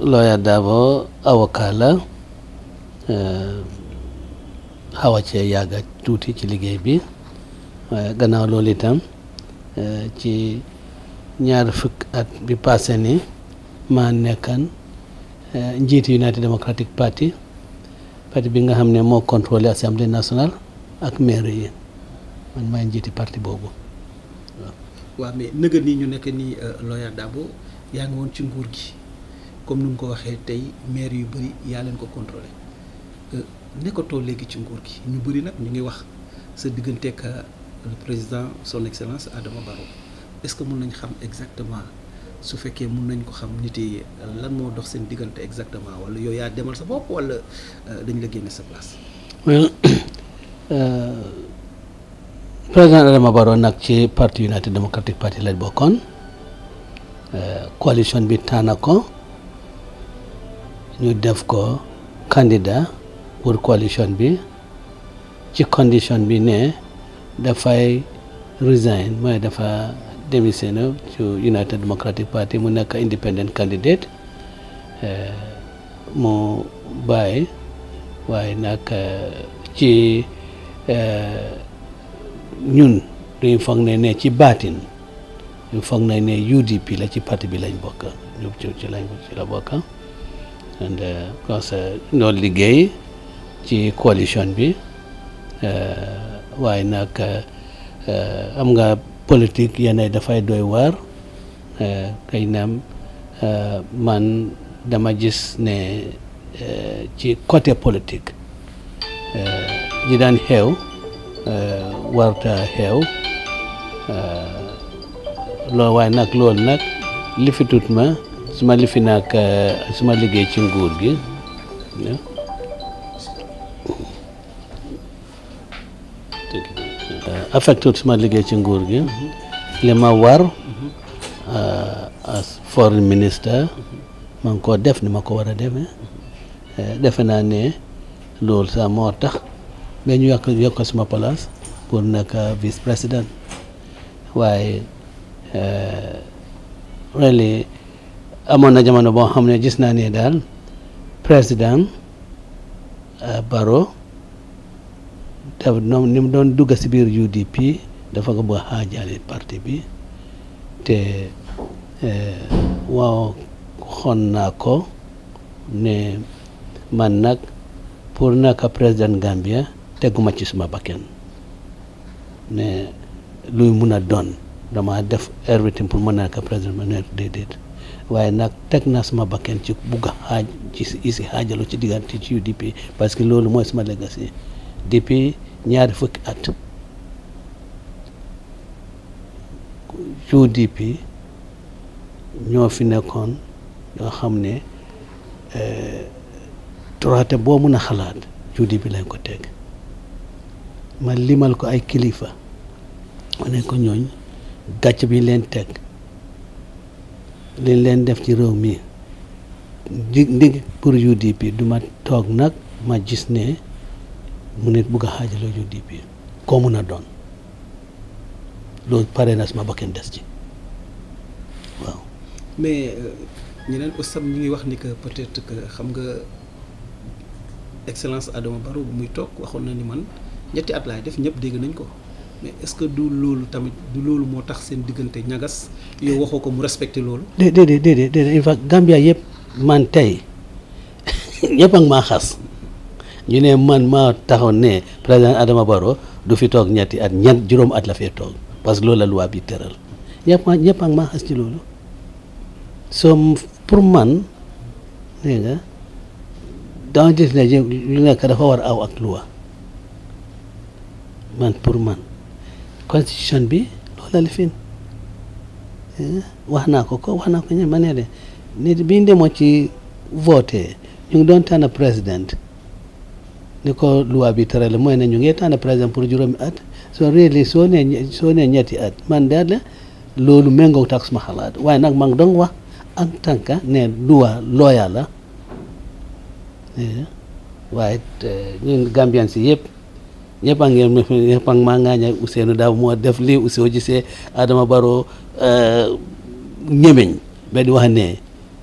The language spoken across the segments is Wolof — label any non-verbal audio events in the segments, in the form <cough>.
Lawyer Dabo avocat la euh, xaw a cee yàgga tuuti ci liggéey bi waaye gannaaw loolu itam euh, ci ñaar fukk at bi passé ni maa nekkan euh, njiiti United Democratic Party parti bi nga xam ne moo contrôlé assemblée nationale ak maire yi man maay njiiti parti boobu waaw mais nëgë nii ñu nekk nii Lawyer Dabo yaa ngi woon ci nguur gi comme nu nga ko waxee tey maire yu bëri yaa leen ko contrôler euh, nekkatoo léegi ci nguur gi ñu bëri nag ñu ngi wax sa digganteeg euh, le président son excellence Adama Barrow est-ce que mun nañ xam exactement su fekkee mun nañ ko xam nit yi lan moo dox seen diggante exactement wala yow yaa demal sa bopp wala euh, dañ la génne sa place. <coughs> président Adama Barrow nag ci parti United Democratic Party lañ bokkoon coalition bi tànn ko. ñu def ko candida pour coalition bi ci condition bi ne dafay resign mooy dafa démissionné ci United Democratic Party mu nekk independent candidate eh, mu bàyyi waaye nag eh, ci eh, ñun duñ foog ne ne ci baatin ñu foog ne ne UDP la ci parti bi lañ bokk ñu ci ci lañ ci la bokk and because uh, uh, noo liggéey ci coalition bi uh, waaye nag am nga politique yenn dafay doy waar kay naam man dama gis ne ci côté politique ji daan xew warta xew loolu waaye nag loolu nag li ma suma li fi nag suma liggéey ci nguur gi ya. uh, affecté suma ci nguur gi li ma war uh, as foreign minister man ko def ni mako wara def eh. Eh, def demee ne lol sa moo tax ba ñu yak yak suma place pour nak vice waye why eh, really amoon na jamono boo xam ne gis naa ne daal président euh, Barrow daf noom ni mu doon dugg si biir UDP dafa ko bëgg a xaajaale parti bi te euh, waaw xoon naa ko ne man nag pour naka président Gambia teguma ci suma bakken ne luy mun a doon dama def everything pour mën naka président ma ne déedéet waaye nag teg naa sama bakken ci bugg a xaaj ci isi xaajaloo ci diggante UDP parce que loolu mooy sama legacy depuis ñaari fukki at UDP ñoo fi nekkoon ñoo xam ne troité eh, boo mën a xalaat UDP lañ ko teg ma limal ko ay kilifa ma ne ñooñ gàcc bi leen teg liñ leen def ci réew mi di ndig pour UDP du ma toog nag ma gis ne mu nit bugg a xaajaloo UDP koo mën a doon loolu pare na sama bakkan des ci waaw. mais euh, ñeneen Ousseynou ñu ngi wax ni que peut-être que xam nga excellence Adama Barrow bu muy toog waxoon na ni man ñetti at laay def ñëpp dégg nañ ko. mais est ce que du loolu tamit du loolu moo tax seen diggante ñagas yow waxoo ko mu respecté loolu. déedéet déedéet déedéet il faut Gambia yëpp man tey <laughs> ñëpp ak maa ñu man ma taxaw ne président Adama baro du fi toog ñetti at ñan juróom at la fee toog parce mahas loolu la loi bi tëral ñëpp ma ñëpp ak maa xas ci loolu so pour man nga lu dafa war aw ak loi man pour man. constitution bi loolu la eh, wax naa ko ko wax naa ko ñe ma ne de nit biñ demoo ci voté ñu ngi doon tànn président ni ko loi bi tërale mooy ne ñu ngi tànn président pour juróomi at soo réeli soo nee nee ñetti at man daal la loolu méngoo ak suma xalaat waaye nag maa ngi doon wax ak tànka ne loi looya la eh, waaye ñun eh, Gambian si yëpp yepange yepange ma ngaña Ousseynou Daw mo def li Ousseynou jise Adama Barrow euh, ñemeñ ɓe ɗi wahane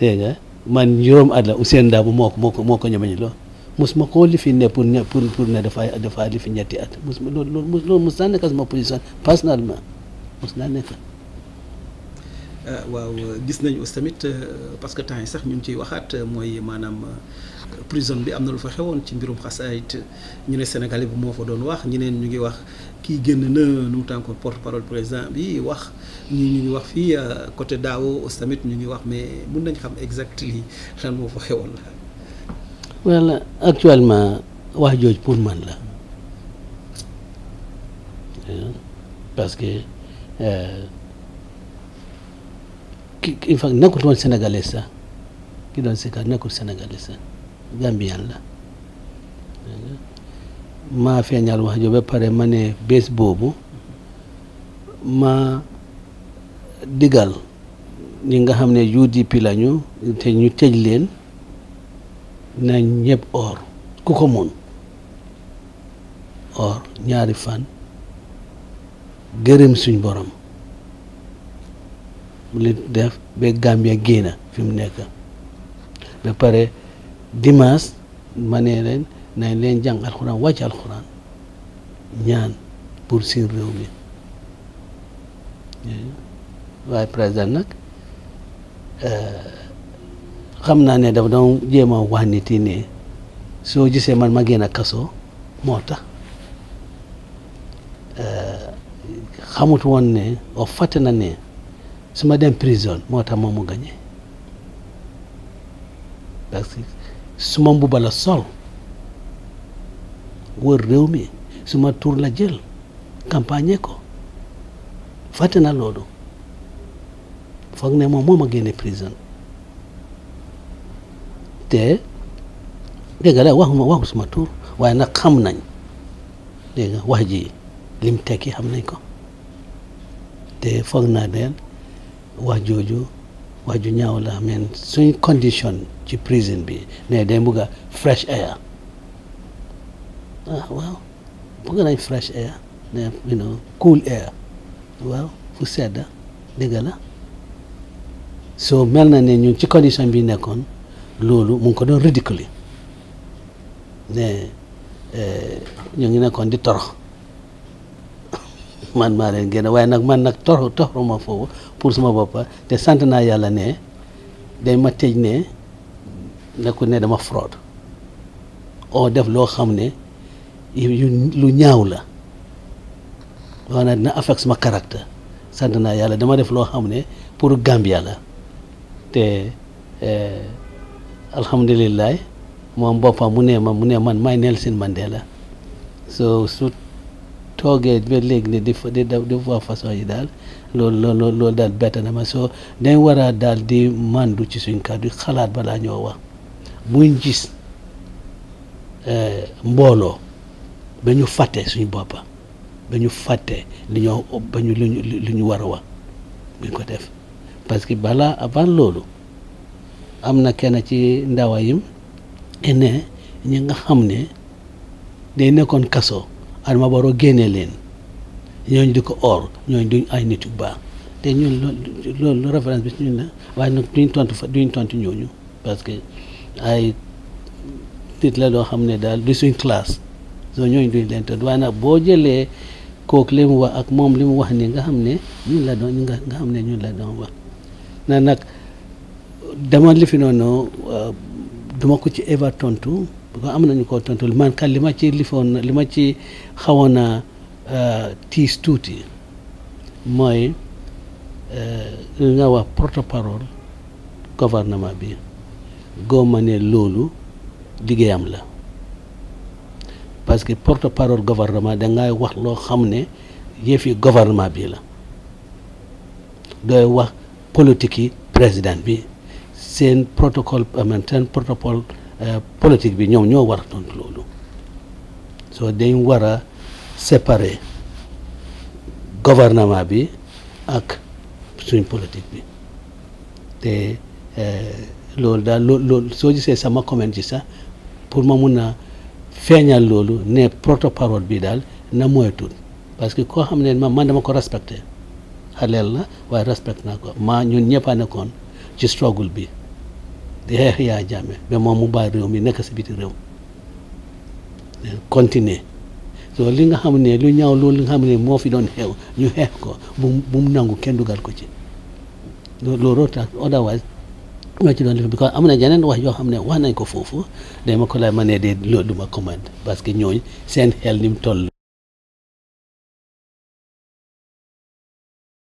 dégg nga man juróom at la Ousseynou Daw moo ko moo ko moo loo mus ma koo lifi ne pour ne pour pour ne dafa dafa lifi ñetti at mus ma loolu loolu mus naa nekk sama position personnellement mus naa nekk Euh, waaw gis nañu aussi tamit euh, parce que temps sax ñu ngi ciy waxaat euh, mooy maanaam prison bi am na lu fa xewoon ci mbirum xasaayit ñu ne Sénégalais bi moo fa doon wax ñeneen ñu ngi wax kii génn na nu mu tànk porte-parole président bi wax ñi ñu ngi wax fii côté daawo aussi tamit ñu ngi wax mais mun nañ xam exact li lan moo fa xewoon la voilà actuellement wax jooj pour man la hmm. eh, parce enfin nekkul woon sénégalais sax ki doon sikar nekkul sénégalais sax gambien la ma feeñal wax jo pare ma bes bés ma digal ñi nga xam ne UDP lañu te ñu tëj leen na ñëpp or ku ko or ñaari fan gërëm suñ borom li def ba Gambia génna fi mu nekk ba pare dimanche ma ne leen nañ leen jàng alxuraan wàcc alxuraan ñaan pour seen réew mi waaye président nag eh, xam naa ne dafa doon jéem a wax nit yi ne soo gisee man ma génn kaso moo tax eh, xamut woon ne o fàtte na ne su ma dem prison moo tax moom mu gañe parce que su ma mbuba la sol wër réew mi su ma tur la jël campagne ko fatte na loolu foog ne moom moo ma génne prison te dégg nga waxuma waxu suma tur waaye nag xam nañ dégg wax ji lim tekki xam nañ ko te foog naa deen wax jooju wax ju ñaaw la ameen suñ condition ci prison bi ne day bugg a fresh air ah waaw bugg nañ fresh air ne cool air fu sedda dëgg la so mel na ne ñun ci condition bi nekkoon loolu mu ko doon ridicule ne eh, ñu ngi nekkoon di torox man ma len gene way nag man nag toro toro ma foofu pour sama bop te sant na yalla ne day ma tej ne nekkul ne dama fraude o def lo xamne ne lu ñaaw la wana na affect sama caractère sant na yalla dama def lo xamne pour Gambia la te eh, alhamdulilah mom bopam mu ne ma mu ne man may Nelson Mandela so su toogee ba léegi di di di wax façon yi daal loolu loolu loolu daal bett na ma soo dañ war a daal di màndu ci suñ kàddu xalaat balaa ñoo wax buñ gis eh, mbooloo ba ñu fàtte suñ boppa ba ñu fàtte li ñoo ba ñu lu ñu war a wax buñ ko def parce que balaa avant loolu am na kenn ci ndawayim ne ñi nga xam ne day nekkoon kaso Adama Barrow génnee leen ñooñu di ko or ñooñu duñ ay nit yu baax te ñu loolu loolu référence bi ñun la waaye nag duñ tontu fa duñ tontu ñooñu parce que ay nit la loo xam ne daal du suñ classe so ñooñu duñ leen tontu waaye nag boo jëlee kooku li mu wax ak moom li mu wax nii nga xam ne ñun la doon nga xam ne ñun la doon wax na nag dama li euh, duma ko ci eva tontu. bu ko am nañu ko tontul man kat li ma ci lifoon li ma ci xawoon a tiis tuuti mooy euh, nga wax porte-parole gouvernement bi gooma loolu liggéeyam la parce que porte-parole gouvernement dangay wax loo xam ne yëfi gouvernement bi la dooy wax politique yi président bi seen protocole euh, seen protocole Euh, politique bi ñoom ñoo war a tontu loolu soo dañ war a séparer gouvernement bi ak suñ politique bi te euh, loolu daal loo loolu soo gisee sama comment ci sax pour ma mun a feeñal loolu ne porte-parole bi daal na moytul parce que koo xam ne ma man dama ko respecté xaleel na waaye respecté naa ko ma ñun ñëpp a nekkoon ci struggle bi di xeex yaa jàmme mais moom mu bàyyi réew mi nekk si biti réew continuer so li nga xam ne lu ñaw loolu li nga xam ne moo fi doon xew ñu xeex ko bu bu mu nangu kenn dugal ko ci loolu tax otherwise ñoo ci doon def because am na yeneen wax yoo xam ne wax nañ ko foofu ma ko lay ma ne de duma command ma commande parce que ñooñ seen xel ni toll